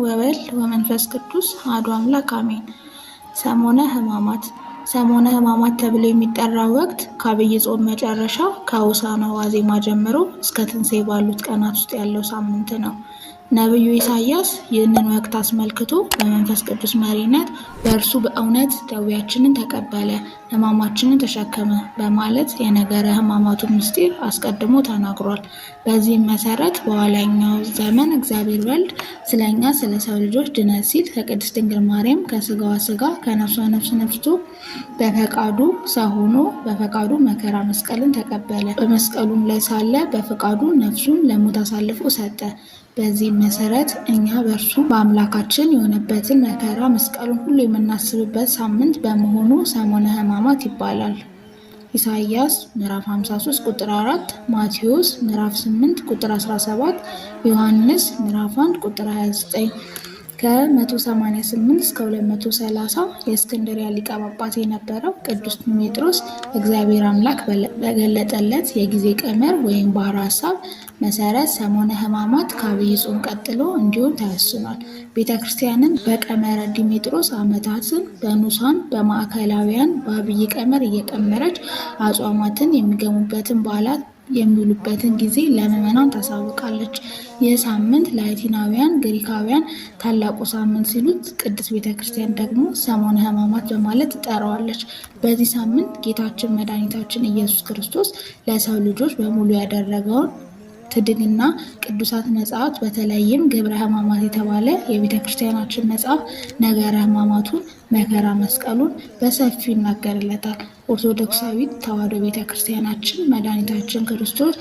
ወወልድ ወመንፈስ ቅዱስ አሐዱ አምላክ አሜን። ሰሞነ ሕማማት ሰሞነ ሕማማት ተብሎ የሚጠራ ወቅት ከአብይ ጾም መጨረሻ ከሆሳዕና ዋዜማ ጀምሮ እስከ ትንሣኤ ባሉት ቀናት ውስጥ ያለው ሳምንት ነው። ነቢዩ ኢሳያስ ይህንን ወቅት አስመልክቶ በመንፈስ ቅዱስ መሪነት በእርሱ በእውነት ደዌያችንን ተቀበለ፣ ሕማማችንን ተሸከመ በማለት የነገረ ሕማማቱን ምስጢር አስቀድሞ ተናግሯል። በዚህም መሰረት በኋላኛው ዘመን እግዚአብሔር ወልድ ስለኛ ስለ ሰው ልጆች ድነት ሲል ከቅድስት ድንግል ማርያም ከስጋዋ ስጋ ከነፍሷ ነፍስ ነፍቶ በፈቃዱ ሰው ሆኖ በፈቃዱ መከራ መስቀልን ተቀበለ። በመስቀሉም ላይ ሳለ በፈቃዱ ነፍሱን ለሞት አሳልፎ ሰጠ። በዚህ መሰረት እኛ በእርሱ በአምላካችን የሆነበትን መከራ መስቀሉን ሁሉ የምናስብበት ሳምንት በመሆኑ ሰሞነ ሕማማት ይባላል። ኢሳይያስ ምዕራፍ 53 ቁጥር 4፣ ማቴዎስ ምዕራፍ 8 ቁጥር 17፣ ዮሐንስ ምዕራፍ 1 ቁጥር 29 ከ188 እስከ 230 የእስክንድሪያ ሊቀ ጳጳስ የነበረው ቅዱስ ዲሜጥሮስ እግዚአብሔር አምላክ በገለጠለት የጊዜ ቀመር ወይም ባህረ ሐሳብ መሰረት ሰሞነ ህማማት ከአብይ ጾም ቀጥሎ እንዲሁም ተወስኗል። ቤተ ክርስቲያንም በቀመረ ዲሜጥሮስ ዓመታትን በኑሳን በማዕከላውያን በአብይ ቀመር እየቀመረች አጽዋማትን የሚገሙበትን በዓላት የሚውሉበትን ጊዜ ለምዕመናን ታሳውቃለች። ይህ ሳምንት ላቲናውያን፣ ግሪካውያን ታላቁ ሳምንት ሲሉት፣ ቅድስት ቤተ ክርስቲያን ደግሞ ሰሞነ ህማማት በማለት ትጠራዋለች። በዚህ ሳምንት ጌታችን መድኃኒታችን ኢየሱስ ክርስቶስ ለሰው ልጆች በሙሉ ያደረገውን ትድንና ቅዱሳት መጽሐፍት በተለይም ግብረ ሕማማት የተባለ የቤተ ክርስቲያናችን መጽሐፍ ነገረ ሕማማቱን መከራ መስቀሉን በሰፊው ይናገርለታል። ኦርቶዶክሳዊት ተዋሕዶ ቤተ ክርስቲያናችን መድኃኒታችን ክርስቶስ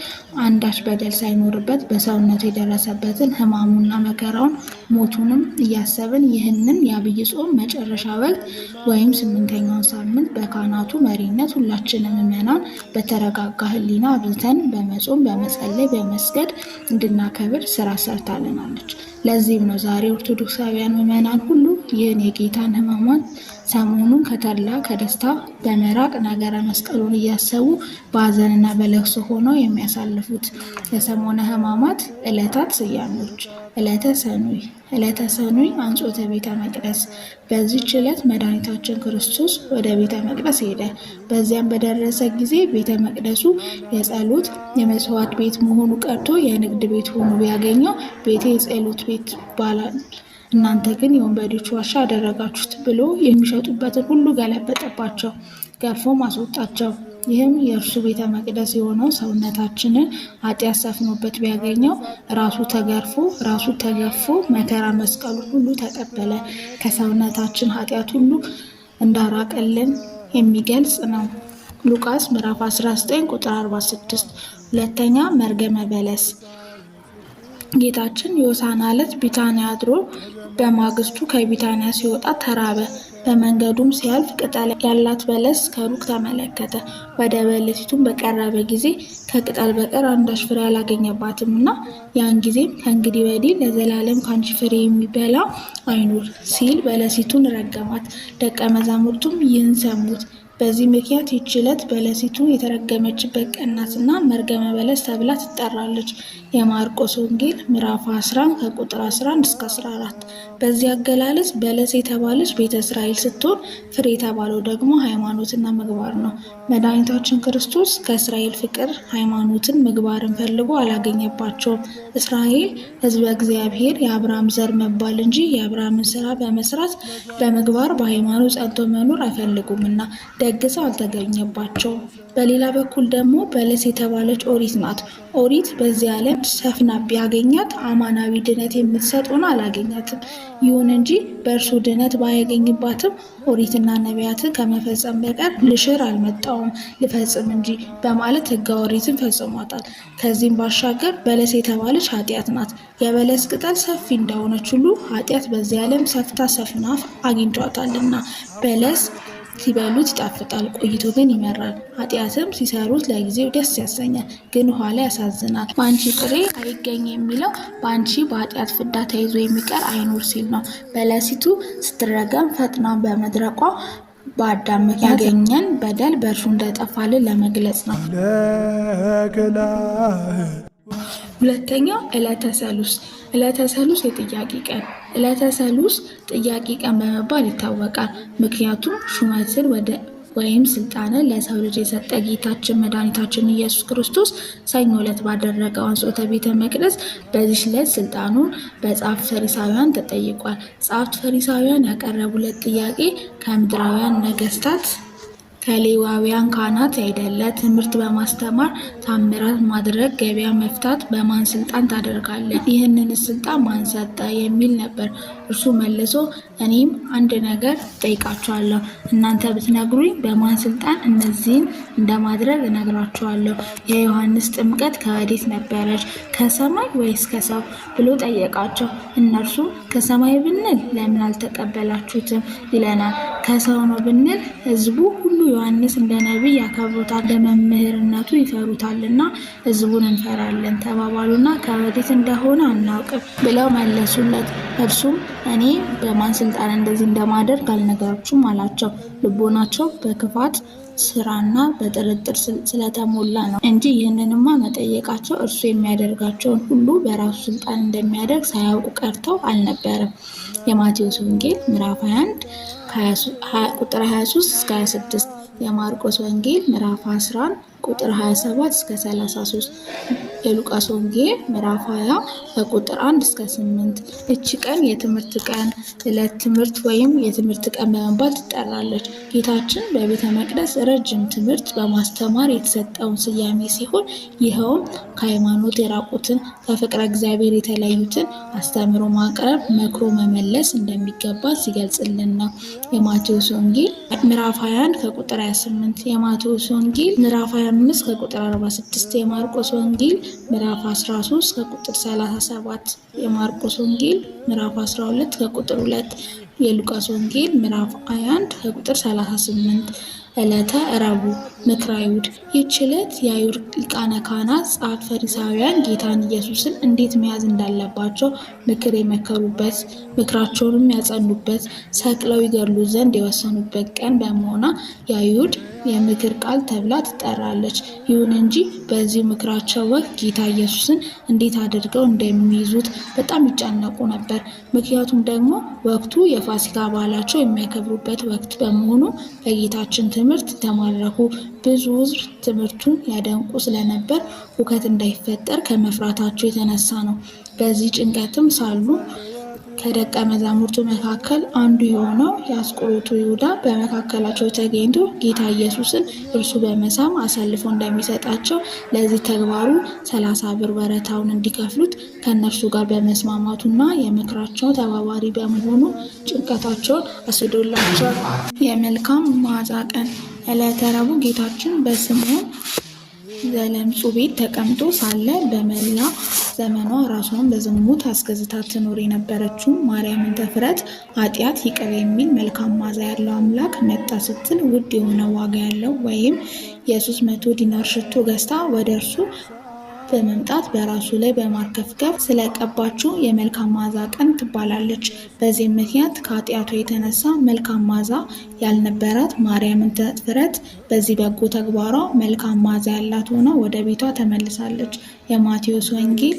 አንዳች በደል ሳይኖርበት በሰውነቱ የደረሰበትን ሕማሙና መከራውን ሞቱንም እያሰብን ይህንን የአብይ ጾም መጨረሻ ወቅት ወይም ስምንተኛውን ሳምንት በካህናቱ መሪነት ሁላችንም ምዕመናን በተረጋጋ ሕሊና አብዝተን በመጾም በመጸለይ በመ መስገድ እንድናከብር ስራ ሰርታልናለች። ለዚህም ነው ዛሬ ኦርቶዶክሳውያን ምዕመናን ሁሉ ይህን የጌታን ሕማማት ሰሞኑን ከተላ ከደስታ በመራቅ ነገረ መስቀሉን እያሰቡ በሀዘንና በለቅሶ ሆነው የሚያሳልፉት የሰሞነ ሕማማት ዕለታት ስያሜዎች ዕለተ ሰኑይ ዕለተ ሰኑይ አንጾተ ቤተ መቅደስ። በዚች ዕለት መድኃኒታችን ክርስቶስ ወደ ቤተ መቅደስ ሄደ። በዚያም በደረሰ ጊዜ ቤተ መቅደሱ የጸሎት የመስዋዕት ቤት መሆኑ ቀርቶ የንግድ ቤት ሆኖ ቢያገኘው ቤቴ የጸሎት ቤት ይባላል እናንተ ግን የወንበዴዎች ዋሻ አደረጋችሁት ብሎ የሚሸጡበትን ሁሉ ገለበጠባቸው፣ ገርፎ አስወጣቸው። ይህም የእርሱ ቤተ መቅደስ የሆነው ሰውነታችንን ኃጢአት ሰፍኖበት ቢያገኘው ራሱ ተገርፎ ራሱ ተገፎ መከራ መስቀሉ ሁሉ ተቀበለ፣ ከሰውነታችን ኃጢአት ሁሉ እንዳራቀልን የሚገልጽ ነው። ሉቃስ ምዕራፍ 19 ቁጥር 46። ሁለተኛ መርገመ በለስ ጌታችን የሆሳዕና ዕለት ቢታንያ አድሮ በማግስቱ ከቢታንያ ሲወጣ ተራበ። በመንገዱም ሲያልፍ ቅጠል ያላት በለስ ከሩቅ ተመለከተ። ወደ በለሲቱም በቀረበ ጊዜ ከቅጠል በቀር አንዳች ፍሬ አላገኘባትም እና ያን ጊዜም ከእንግዲህ ወዲህ ለዘላለም ከአንቺ ፍሬ የሚበላ አይኑር ሲል በለሲቱን ረገማት። ደቀ መዛሙርቱም ይህን ሰሙት። በዚህ ምክንያት ይች ዕለት በለሲቱ የተረገመችበት ቀን ናትና መርገመ በለስ ተብላ ትጠራለች። የማርቆስ ወንጌል ምዕራፍ 10 ከቁጥር 11 እስከ 14። በዚህ አገላለጽ በለስ የተባለች ቤተ እስራኤል ስትሆን ፍሬ የተባለው ደግሞ ሃይማኖትና ምግባር ነው። መድኃኒታችን ክርስቶስ ከእስራኤል ፍቅር ሃይማኖትን፣ ምግባርን ፈልጎ አላገኘባቸውም። እስራኤል ህዝበ እግዚአብሔር የአብርሃም ዘር መባል እንጂ የአብርሃምን ስራ በመስራት በምግባር በሃይማኖት ጸንቶ መኖር አይፈልጉምና ለግሰው አልተገኘባቸውም። በሌላ በኩል ደግሞ በለስ የተባለች ኦሪት ናት። ኦሪት በዚህ ዓለም ሰፍና ቢያገኛት አማናዊ ድነት የምትሰጥ ሆና አላገኛትም። ይሁን እንጂ በእርሱ ድነት ባያገኝባትም ኦሪትና ነቢያትን ከመፈጸም በቀር ልሽር አልመጣውም ልፈጽም እንጂ በማለት ህገ ኦሪትን ፈጽሟታል። ከዚህም ባሻገር በለስ የተባለች ኃጢአት ናት። የበለስ ቅጠል ሰፊ እንደሆነች ሁሉ ኃጢአት በዚህ ዓለም ሰፍታ ሰፍናፍ አግኝቷታልና በለስ ሲበሉት ይጣፍጣል፣ ቆይቶ ግን ይመራል። ኃጢአትም ሲሰሩት ለጊዜው ደስ ያሰኛል፣ ግን ኋላ ያሳዝናል። በአንቺ ጥሬ አይገኝ የሚለው በአንቺ በኃጢአት ፍዳ ተይዞ የሚቀር አይኖር ሲል ነው። በለሲቱ ስትረገም ፈጥና በመድረቋ በአዳም ምክንያት ያገኘን በደል በእርሱ እንደጠፋልን ለመግለጽ ነው። ሁለተኛው ዕለተ ሰሉስ፣ ዕለተ ሰሉስ የጥያቄ ቀን፣ ዕለተ ሰሉስ ጥያቄ ቀን በመባል ይታወቃል። ምክንያቱም ሹመትን ወይም ስልጣንን ለሰው ልጅ የሰጠ ጌታችን መድኃኒታችን ኢየሱስ ክርስቶስ ሰኞ ዕለት ባደረገው አንጾተ ቤተ መቅደስ በዚች ዕለት ስልጣኑን በጸሐፍት ፈሪሳውያን ተጠይቋል። ጸሐፍት ፈሪሳውያን ያቀረቡለት ጥያቄ ከምድራውያን ነገስታት ከሌዋውያን ካህናት አይደለ ትምህርት በማስተማር ታምራት ማድረግ ገበያ መፍታት በማን ስልጣን ታደርጋለህ? ይህንን ስልጣን ማን ሰጠ? የሚል ነበር። እርሱ መልሶ እኔም አንድ ነገር ጠይቃችኋለሁ፣ እናንተ ብትነግሩኝ በማን ስልጣን እነዚህን እንደማድረግ እነግራችኋለሁ። የዮሐንስ ጥምቀት ከወዴት ነበረች? ከሰማይ ወይስ ከሰው? ብሎ ጠየቃቸው። እነርሱ ከሰማይ ብንል ለምን አልተቀበላችሁትም ይለናል ከሰው ነው ብንል ህዝቡ ሁሉ ዮሐንስ እንደ ነቢይ ያከብሩታል፣ ለመምህርነቱ ይፈሩታል እና ህዝቡን እንፈራለን ተባባሉና ከወዴት እንደሆነ አናውቅም ብለው መለሱለት። እርሱም እኔ በማን ስልጣን እንደዚህ እንደማደርግ አልነገራችሁም አላቸው። ልቦናቸው በክፋት ስራና በጥርጥር ስለተሞላ ነው እንጂ ይህንንማ መጠየቃቸው እርሱ የሚያደርጋቸውን ሁሉ በራሱ ስልጣን እንደሚያደርግ ሳያውቁ ቀርተው አልነበረም። የማቴዎስ ወንጌል ምዕራፍ 21 ቁጥር 23 እስከ 26 የማርቆስ ወንጌል ምዕራፍ 11 ቁጥር 27 እስከ 33 የሉቃስ ወንጌል ምዕራፍ 20 በቁጥር 1 እስከ 8። እቺ ቀን የትምህርት ቀን ዕለት ትምህርት ወይም የትምህርት ቀን በመባል ትጠራለች። ጌታችን በቤተ መቅደስ ረጅም ትምህርት በማስተማር የተሰጠውን ስያሜ ሲሆን ይኸውም ከሃይማኖት የራቁትን ከፍቅረ እግዚአብሔር የተለዩትን አስተምሮ ማቅረብ፣ መክሮ መመለስ እንደሚገባ ሲገልጽልን ነው። የማቴዎስ ወንጌል ምዕራፍ 21 ከቁጥር 28 የማቴዎስ ወንጌል ምዕራፍ 15 ከቁጥር 46 የማርቆስ ወንጌል ምዕራፍ 13 ከቁጥር 37 የማርቆስ ወንጌል ምዕራፍ 12 ከቁጥር 2 የሉቃስ ወንጌል ምዕራፍ 21 ከቁጥር 38 ዕለተ ረቡዕ ምክረ አይሁድ። ይህች ዕለት የአይሁድ ሊቃነ ካህናት፣ ጸሐፍት፣ ፈሪሳውያን ጌታን ኢየሱስን እንዴት መያዝ እንዳለባቸው ምክር የመከሩበት፣ ምክራቸውንም ያጸኑበት፣ ሰቅለው ይገድሉት ዘንድ የወሰኑበት ቀን በመሆኗ የአይሁድ የምክር ቃል ተብላ ትጠራለች። ይሁን እንጂ በዚህ ምክራቸው ወቅት ጌታ ኢየሱስን እንዴት አድርገው እንደሚይዙት በጣም ይጨነቁ ነበር። ምክንያቱም ደግሞ ወቅቱ የፋሲካ በዓላቸው የሚያከብሩበት ወቅት በመሆኑ በጌታችን ትምህርት ተማረኩ። ብዙ ሕዝብ ትምህርቱን ያደንቁ ስለነበር ሁከት እንዳይፈጠር ከመፍራታቸው የተነሳ ነው። በዚህ ጭንቀትም ሳሉ ከደቀ መዛሙርቱ መካከል አንዱ የሆነው የአስቆሮቱ ይሁዳ በመካከላቸው ተገኝቶ ጌታ ኢየሱስን እርሱ በመሳም አሳልፎ እንደሚሰጣቸው ለዚህ ተግባሩ ሰላሳ ብር በረታውን እንዲከፍሉት ከእነርሱ ጋር በመስማማቱና የምክራቸው ተባባሪ በመሆኑ ጭንቀታቸውን አስዶላቸዋል። የመልካም መዓዛ ቀን ዕለተ ረቡዕ ጌታችን በስምዖን ዘለምጹ ቤት ተቀምጦ ሳለ በመላ ዘመኗ ራሷን በዝሙት አስገዝታ ትኖር የነበረችው ማርያምን ተፍረት ኃጢአት ይቅር የሚል መልካም ማዛ ያለው አምላክ መጣ ስትል ውድ የሆነ ዋጋ ያለው ወይም የሶስት መቶ ዲናር ሽቶ ገዝታ ወደ እርሱ በመምጣት በራሱ ላይ በማርከፍከፍ ስለቀባችው የመልካም ማዛ ቀን ትባላለች። በዚህም ምክንያት ከኃጢአቷ የተነሳ መልካም ማዛ ያልነበራት ማርያምን ትፍረት በዚህ በጎ ተግባሯ መልካም ማዛ ያላት ሆና ወደ ቤቷ ተመልሳለች። የማቴዎስ ወንጌል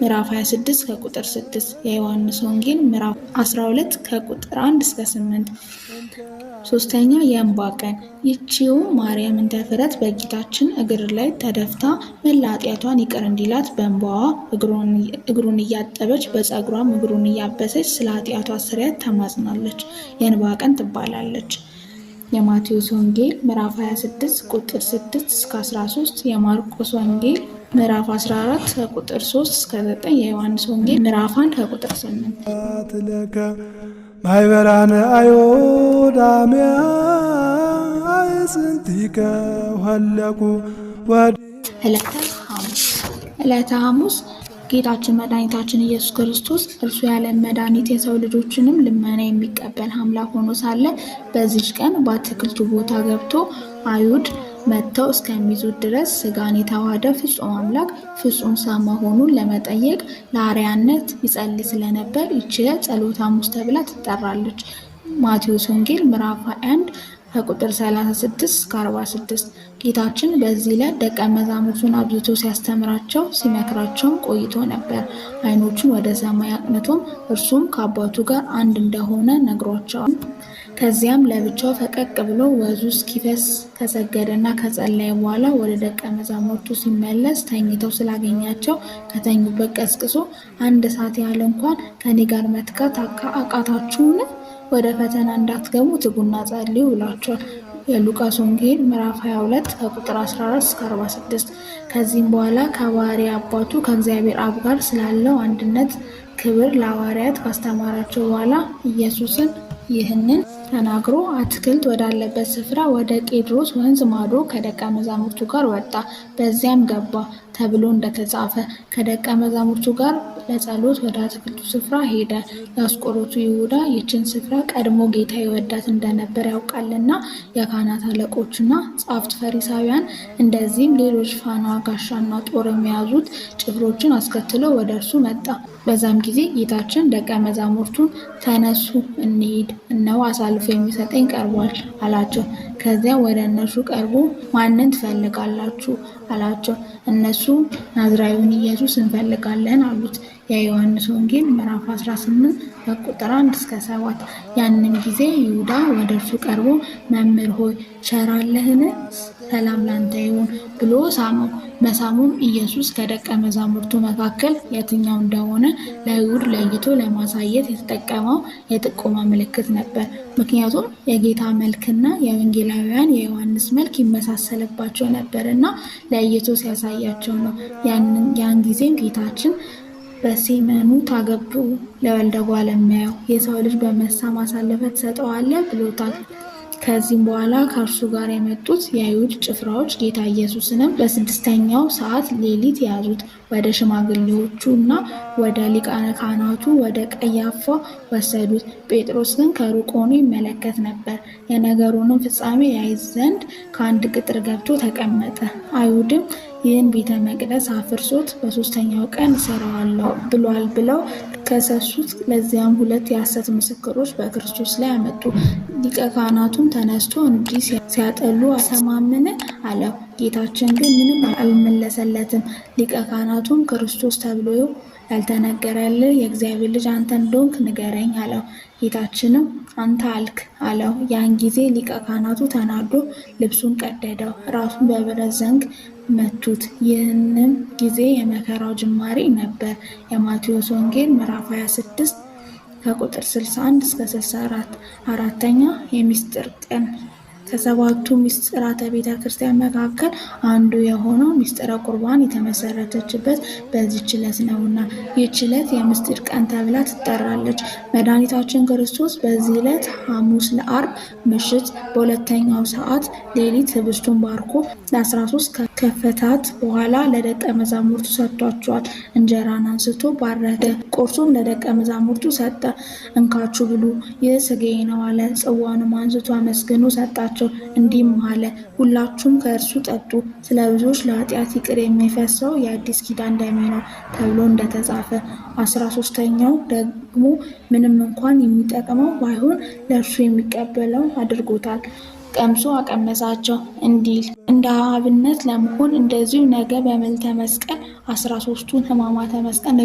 ምዕራፍ 26 ከቁጥር 6 የዮሐንስ ወንጌል ምዕራፍ 12 ከቁጥር 1 እስከ 8። ሶስተኛ የእንባ ቀን ይቺው ማርያም እንደ ፍረት በጌታችን እግር ላይ ተደፍታ መላ ኃጢአቷን ይቅር እንዲላት በእንባዋ እግሩን እያጠበች በጸጉሯም እግሩን እያበሰች ስለ ኃጢአቷ ስርየት ተማጽናለች። የእንባ ቀን ትባላለች። የማቴዎስ ወንጌል ምዕራፍ 26 ቁጥር 6 እስከ 13 የማርቆስ ወንጌል ምዕራፍ 14 ከቁጥር 3 እስከ 9 የዮሐንስ ወንጌል ምዕራፍ 1 ከቁጥር 8 ለከ ማይበራነ አይሁድ ስንቲከ ሀለቁ ዕለተ ሐሙስ ዕለተ ሐሙስ ጌታችን መድኃኒታችን ኢየሱስ ክርስቶስ እርሱ ያለን መድኃኒት የሰው ልጆችንም ልመና የሚቀበል አምላክ ሆኖ ሳለ በዚች ቀን በአትክልቱ ቦታ ገብቶ አይሁድ መጥተው እስከሚይዙት ድረስ ስጋን የተዋሃደ ፍጹም አምላክ ፍጹም ሰው መሆኑን ለመጠየቅ ለአርያነት ይጸልይ ስለነበር ይች ጸሎተ ሐሙስ ተብላ ትጠራለች። ማቴዎስ ወንጌል ምዕራፍ 21 ከቁጥር 36 እስከ 46። ጌታችን በዚህ ዕለት ደቀ መዛሙርቱን አብዝቶ ሲያስተምራቸው ሲመክራቸውም ቆይቶ ነበር። አይኖቹን ወደ ሰማይ አቅንቶም እርሱም ከአባቱ ጋር አንድ እንደሆነ ነግሯቸዋል። ከዚያም ለብቻው ፈቀቅ ብሎ ወዙ እስኪፈስ ከሰገደና ከጸለየ በኋላ ወደ ደቀ መዛሙርቱ ሲመለስ ተኝተው ስላገኛቸው ከተኙበት ቀስቅሶ አንድ ሰዓት ያህል እንኳን ከኔ ጋር መትጋት አቃታችሁን? ወደ ፈተና እንዳትገቡ ትጉና ጸልዩ ብሏቸዋል። የሉቃስ ወንጌል ምዕራፍ 22 ከቁጥር 14 እስከ 46። ከዚህም በኋላ ከባህሪ አባቱ ከእግዚአብሔር አብ ጋር ስላለው አንድነት ክብር ለሐዋርያት ካስተማራቸው በኋላ ኢየሱስን ይህንን ተናግሮ አትክልት ወዳለበት ስፍራ ወደ ቄድሮስ ወንዝ ማዶ ከደቀ መዛሙርቱ ጋር ወጣ፣ በዚያም ገባ። ተብሎ እንደተጻፈ ከደቀ መዛሙርቱ ጋር ለጸሎት ወደ አትክልቱ ስፍራ ሄደ። የአስቆሮቱ ይሁዳ ይችን ስፍራ ቀድሞ ጌታ ይወዳት እንደነበር ያውቃልና የካህናት አለቆችና ጻፍት ፈሪሳውያን፣ እንደዚህም ሌሎች ፋና ጋሻና ጦር የሚያዙት ጭፍሮችን አስከትሎ ወደ እርሱ መጣ። በዛም ጊዜ ጌታችን ደቀ መዛሙርቱን ተነሱ፣ እንሄድ እነው አሳልፎ የሚሰጠኝ ቀርቧል አላቸው። ከዚያ ወደ እነርሱ ቀርቦ ማንን ትፈልጋላችሁ አላቸው። እነሱ ናዝራዊውን ኢየሱስ እንፈልጋለን አሉት። የዮሐንስ ወንጌል ምዕራፍ 18 ከቁጥር አንድ እስከ ሰባት ያንን ጊዜ ይሁዳ ወደ እርሱ ቀርቦ መምህር ሆይ ቸራለህን ሰላም ላንተ ይሁን ብሎ ሳመው። መሳሙም ኢየሱስ ከደቀ መዛሙርቱ መካከል የትኛው እንደሆነ ለይሁድ ለይቶ ለማሳየት የተጠቀመው የጥቆማ ምልክት ነበር። ምክንያቱም የጌታ መልክና የወንጌላውያን የዮሐንስ መልክ ይመሳሰልባቸው ነበር እና ለይቶ ሲያሳያቸው ነው። ያን ጊዜም ጌታችን በሲመኑ ታገብኡ ለወልደ እጓለ የሰው ልጅ በመሳ ማሳለፈ ትሰጠዋለህ ብሎታል። ከዚህም በኋላ ከእርሱ ጋር የመጡት የአይሁድ ጭፍራዎች ጌታ ኢየሱስንም በስድስተኛው ሰዓት ሌሊት ያዙት። ወደ ሽማግሌዎቹ እና ወደ ሊቃነ ካህናቱ ወደ ቀያፋ ወሰዱት። ጴጥሮስ ግን ከሩቅ ሆኖ ይመለከት ነበር። የነገሩንም ፍጻሜ ያይ ዘንድ ከአንድ ቅጥር ገብቶ ተቀመጠ። አይሁድም ይህን ቤተ መቅደስ አፍርሶት በሶስተኛው ቀን እሰራዋለሁ ብሏል ብለው ከሰሱት። ለዚያም ሁለት የሐሰት ምስክሮች በክርስቶስ ላይ አመጡ። ሊቀ ካህናቱም ተነስቶ እንዲህ ሲያጠሉ አሰማምን አለው። ጌታችን ግን ምንም አልመለሰለትም። ሊቀ ካህናቱም ክርስቶስ ተብሎ ያልተነገረልህ የእግዚአብሔር ልጅ አንተ እንደሆንክ ንገረኝ አለው። ጌታችንም አንተ አልክ አለው። ያን ጊዜ ሊቀ ካህናቱ ተናዶ ልብሱን ቀደደው፣ ራሱን በብረት ዘንግ መቱት። ይህንም ጊዜ የመከራው ጅማሬ ነበር። የማቴዎስ ወንጌል ምዕራፍ 26 ከቁጥር 61 እስከ 64። አራተኛ የሚስጥር ቀን ከሰባቱ ምስጢራተ ቤተ ክርስቲያን መካከል አንዱ የሆነው ምስጢረ ቁርባን የተመሰረተችበት በዚህች ዕለት ነውና ይህ ዕለት የምስጢር ቀን ተብላ ትጠራለች። መድኃኒታችን ክርስቶስ በዚህ ዕለት ሐሙስ ለአርብ ምሽት በሁለተኛው ሰዓት ሌሊት ህብስቱን ባርኮ ለ13 ከፈታት በኋላ ለደቀ መዛሙርቱ ሰጥቷቸዋል። እንጀራን አንስቶ ባረከ፣ ቁርሱም ለደቀ መዛሙርቱ ሰጠ። እንካችሁ ብሉ፣ ይህ ሥጋዬ ነው አለ። ጽዋንም አንስቶ አመስግኖ ሰጣቸው። አላቸው። እንዲህም አለ፣ ሁላችሁም ከእርሱ ጠጡ፣ ስለ ብዙዎች ለኃጢአት ይቅር የሚፈሰው የአዲስ ኪዳን ደሜ ነው ተብሎ እንደተጻፈ። አስራ ሶስተኛው ደግሞ ምንም እንኳን የሚጠቅመው ባይሆን ለእርሱ የሚቀበለው አድርጎታል። ቀምሶ አቀመሳቸው እንዲል እንደ አብነት ለመሆን እንደዚሁ ነገ በመልዕልተ መስቀል አስራ ሶስቱን ሕማማተ መስቀል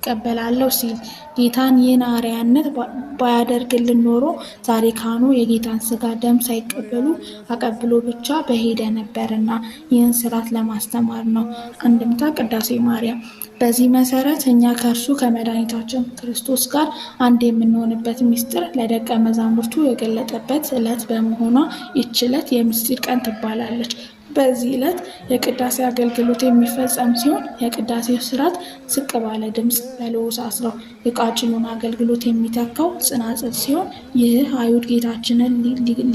እቀበላለሁ ሲል ጌታን ይህን አርአያነት ባያደርግልን ኖሮ ዛሪካኑ የጌታን ስጋ ደም ሳይቀበሉ አቀብሎ ብቻ በሄደ ነበርና ይህን ስርዓት ለማስተማር ነው። አንድምታ ቅዳሴ ማርያም። በዚህ መሰረት እኛ ከእርሱ ከመድኃኒታችን ክርስቶስ ጋር አንድ የምንሆንበት ምስጢር ለደቀ መዛሙርቱ የገለጠበት ዕለት በመሆኗ ይች ዕለት የምስጢር ቀን ትባላለች። በዚህ ዕለት የቅዳሴ አገልግሎት የሚፈጸም ሲሆን የቅዳሴው ስርዓት ዝቅ ባለ ድምፅ በልዑስ አስረው የቃጭሉን አገልግሎት የሚተካው ጽናጽል ሲሆን ይህ አይሁድ ጌታችንን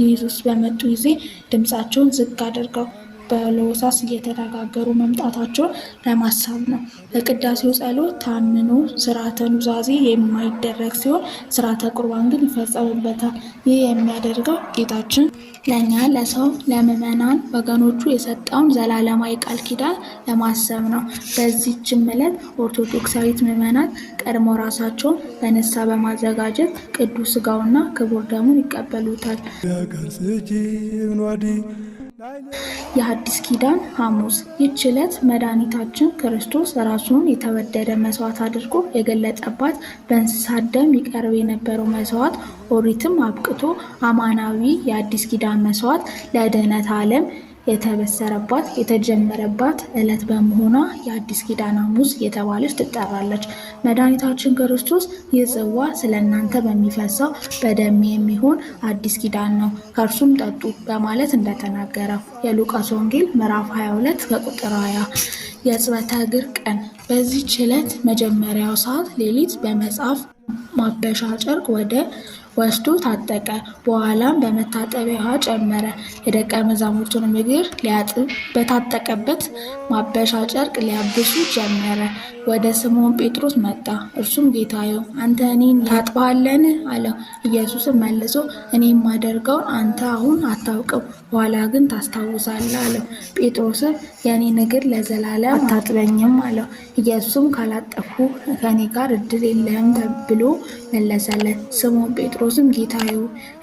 ሊይዙስ በመጡ ጊዜ ድምፃቸውን ዝቅ አድርገው በሎሳስ እየተነጋገሩ መምጣታቸውን ለማሳብ ነው። ለቅዳሴው ጸሎት ታንኖ ስርዓተ ኑዛዜ የማይደረግ ሲሆን ስርዓተ ቁርባን ግን ይፈጸምበታል። ይህ የሚያደርገው ጌታችን ለእኛ ለሰው ለምዕመናን ወገኖቹ የሰጠውን ዘላለማዊ ቃል ኪዳን ለማሰብ ነው። በዚህችም ዕለት ኦርቶዶክሳዊት ምዕመናት ቀድሞ ራሳቸውን በንስሐ በማዘጋጀት ቅዱስ ስጋውና ክቡር ደሙን ይቀበሉታል። የአዲስ ኪዳን ሐሙስ ይህች ዕለት መድኃኒታችን ክርስቶስ ራሱን የተወደደ መስዋዕት አድርጎ የገለጠባት በእንስሳት ደም ይቀርብ የነበረው መስዋዕት ኦሪትም አብቅቶ አማናዊ የአዲስ ኪዳን መስዋዕት ለድኅነት ዓለም የተበሰረባት የተጀመረባት ዕለት በመሆኗ የአዲስ ኪዳን ሐሙስ የተባለች ትጠራለች። መድኃኒታችን ክርስቶስ ይህ ጽዋ ስለ እናንተ በሚፈሳው በደሜ የሚሆን አዲስ ኪዳን ነው፣ ከእርሱም ጠጡ በማለት እንደተናገረው የሉቃስ ወንጌል ምዕራፍ 22 ከቁጥር 20። የሕጽበተ እግር ቀን በዚህች ዕለት መጀመሪያው ሰዓት ሌሊት በመጽሐፍ ማበሻ ጨርቅ ወደ ወስዶ ታጠቀ። በኋላም በመታጠቢያ ውሃ ጨመረ። የደቀ መዛሙርቱን እግር ሊያጥብ በታጠቀበት ማበሻ ጨርቅ ሊያብሱ ጀመረ። ወደ ስምዖን ጴጥሮስ መጣ። እርሱም ጌታዬ፣ አንተ እኔን ታጥበሃለን? አለው። ኢየሱስም መልሶ እኔ የማደርገውን አንተ አሁን አታውቅም፣ በኋላ ግን ታስታውሳለህ አለው። ጴጥሮስም የእኔን እግር ለዘላለም አታጥበኝም አለው። ኢየሱስም ካላጠፉ ከእኔ ጋር እድል የለህም ብሎ መለሰለት። ስምዖን ጴጥሮስም ጌታዬ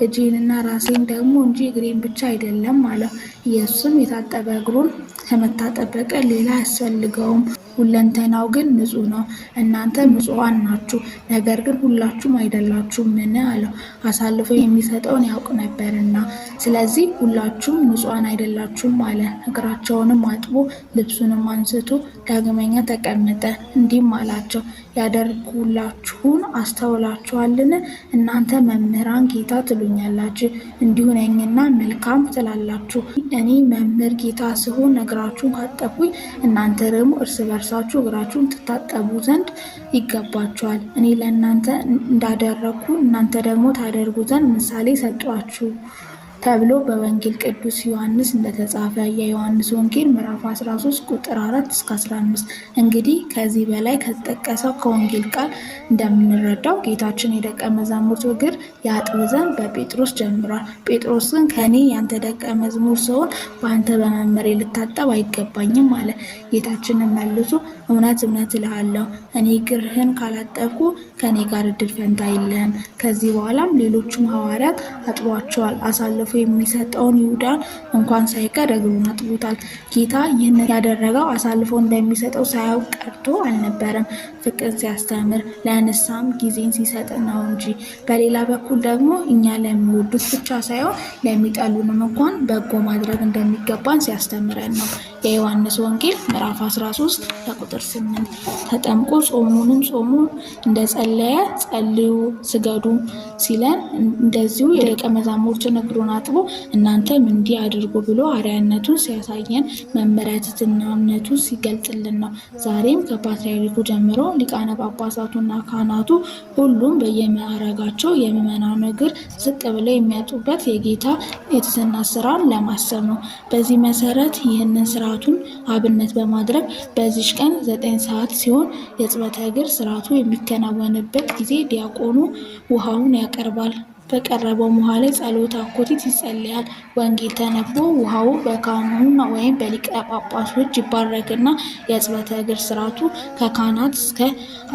እጄንና ራሴን ደግሞ እንጂ እግሬን ብቻ አይደለም አለው። ኢየሱስም የታጠበ እግሩን ከመታጠብ በቀር ሌላ አያስፈልገውም፣ ሁለንተናው ግን ንጹህ ነው። እናንተ ንጹሐን ናችሁ፣ ነገር ግን ሁላችሁም ምን አለው። አሳልፎ የሚሰጠውን ያውቅ ነበርና፣ ስለዚህ ሁላችሁም ንጹሐን አይደላችሁም አለ። እግራቸውንም አጥቦ ልብሱንም አንስቶ ዳግመኛ ተቀመጠ። እንዲህም አላቸው፣ ያደርጉላችሁን አስተውላችኋልን? እናንተ መምህራን፣ ጌታ ትሉኛላችሁ፣ እንዲሁ ነኝና መልካም ትላላችሁ። እኔ መምህር ጌታ ስሆን እግራችሁን ካጠብኩኝ እናንተ ደግሞ እርስ በርሳችሁ እግራችሁን ትታጠቡ ዘንድ ይገባችኋል። እኔ ለእናንተ እንዳደረግኩ እናንተ ደግሞ ታደርጉ ዘንድ ምሳሌ ሰጧችሁ። ተብሎ በወንጌል ቅዱስ ዮሐንስ እንደተጻፈ የዮሐንስ ወንጌል ምዕራፍ 13 ቁጥር 4 እስከ 15። እንግዲህ ከዚህ በላይ ከተጠቀሰው ከወንጌል ቃል እንደምንረዳው ጌታችን የደቀ መዛሙርት እግር ያጥብ ዘንድ በጴጥሮስ ጀምሯል። ጴጥሮስ ግን ከኔ ያንተ ደቀ መዝሙር ስሆን በአንተ በመመሬ ልታጠብ አይገባኝም አለ። ጌታችንን መልሶ እውነት እውነት እልሃለሁ እኔ እግርህን ካላጠብኩ ከኔ ጋር እድል ፈንታ የለህም። ከዚህ በኋላም ሌሎቹም ሐዋርያት አጥቧቸዋል አሳልፎ የሚሰጠውን ይሁዳ እንኳን ሳይቀር እግሩን አጥቦታል። ጌታ ይህን ያደረገው አሳልፎ እንደሚሰጠው ሳያውቅ ቀርቶ አልነበረም። ፍቅር ሲያስተምር ለንስሐም ጊዜን ሲሰጥ ነው እንጂ። በሌላ በኩል ደግሞ እኛ ለሚወዱት ብቻ ሳይሆን ለሚጠሉንም እንኳን በጎ ማድረግ እንደሚገባን ሲያስተምረን ነው። የዮሐንስ ወንጌል ምዕራፍ 13 ከቁጥር 8 ተጠምቆ ጾሙንም ጾሙ ጸለየ ጸልዩ ስገዱ ሲለን እንደዚሁ የደቀ መዛሙርትን እግሩን አጥቦ እናንተም እንዲህ አድርጉ ብሎ አርያነቱን ሲያሳየን መመሪያ ትሕትናነቱ ሲገልጥልን ነው። ዛሬም ከፓትርያርኩ ጀምሮ ሊቃነ ጳጳሳቱና ካህናቱ ሁሉም በየማዕረጋቸው የምዕመናን እግር ዝቅ ብለው የሚያጡበት የጌታ የትህትና ስራን ለማሰብ ነው። በዚህ መሰረት ይህንን ስርዓቱን አብነት በማድረግ በዚች ቀን ዘጠኝ ሰዓት ሲሆን የጽበተ እግር ስርዓቱ የሚከናወንበት ጊዜ ዲያቆኑ ውሃውን ያቀርባል። በቀረበው ውሃ ላይ ጸሎተ አኮቴት ይጸለያል። ወንጌል ተነቦ ውሃው በካህኑ ወይም በሊቀ ጳጳሶች ይባረክና የእጽበተ እግር ስርዓቱ ከካህናት እስከ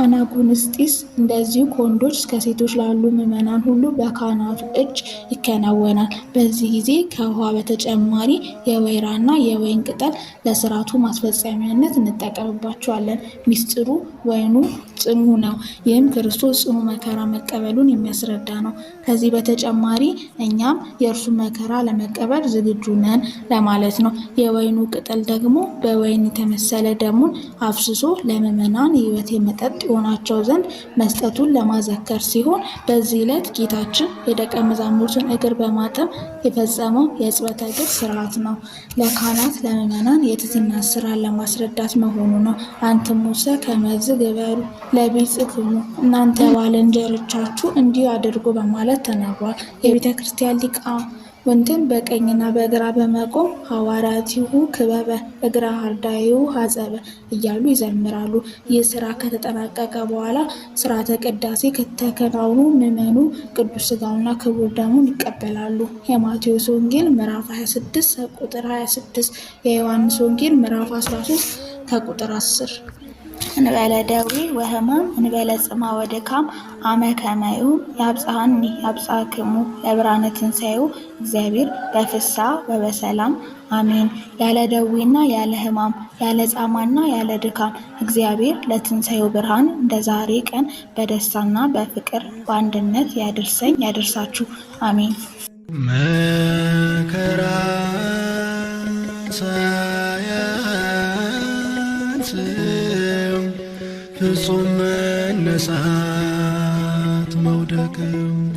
አናጉንስጢስ እንደዚሁ ከወንዶች እስከ ሴቶች ላሉ ምዕመናን ሁሉ በካህናቱ እጅ ይከናወናል። በዚህ ጊዜ ከውሃ በተጨማሪ የወይራና የወይን ቅጠል ለስርዓቱ ማስፈጸሚያነት እንጠቀምባቸዋለን። ሚስጥሩ ወይኑ ጽኑ ነው። ይህም ክርስቶስ ጽኑ መከራ መቀበሉን የሚያስረዳ ነው። ከዚህ በተጨማሪ እኛም የእርሱ መከራ ለመቀበል ዝግጁ ነን ለማለት ነው። የወይኑ ቅጠል ደግሞ በወይን የተመሰለ ደሙን አፍስሶ ለምዕመናን የሕይወት መጠጥ የሆናቸው ዘንድ መስጠቱን ለማዘከር ሲሆን በዚህ ዕለት ጌታችን የደቀ መዛሙርቱን እግር በማጠብ የፈጸመው የሕጽበተ እግር ስርዓት ነው። ለካህናት ለምዕመናን የትህትና ስራን ለማስረዳት መሆኑ ነው። አንትሙሰ ከመዝ ገበሩ ለቤጽክሙ እናንተ ባልንጀሮቻችሁ እንዲህ አድርጎ በማለት ተናግሯል። የቤተ ክርስቲያን ሊቃውንትም በቀኝና በግራ በመቆም ሐዋርያቲሁ ክበበ እግራ አርዳኢሁ ሐጸበ እያሉ ይዘምራሉ። ይህ ስራ ከተጠናቀቀ በኋላ ስርዓተ ቅዳሴ ከተከናውኑ ምዕመኑ ቅዱስ ስጋውና ክቡር ደሙን ይቀበላሉ። የማቴዎስ ወንጌል ምዕራፍ 26 ቁጥር 26፣ የዮሐንስ ወንጌል ምዕራፍ 13 ከቁጥር 10 እንበለ ደዌ ወህማም እንበለ ጽማ ወድካም አመ ከመዩ ያብጽሐኒ ያብጽሕክሙ ለብርሃነ ትንሣኤው እግዚአብሔር በፍሳ ወበሰላም አሜን። ያለ ደዌና ያለ ህማም ያለ ጻማና ያለ ድካም እግዚአብሔር ለትንሣኤው ብርሃን እንደ ዛሬ ቀን በደስታና በፍቅር በአንድነት ያድርሰኝ ያድርሳችሁ። አሜን። መከራ ፍጹም መነሳት መውደቅም